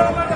Hello,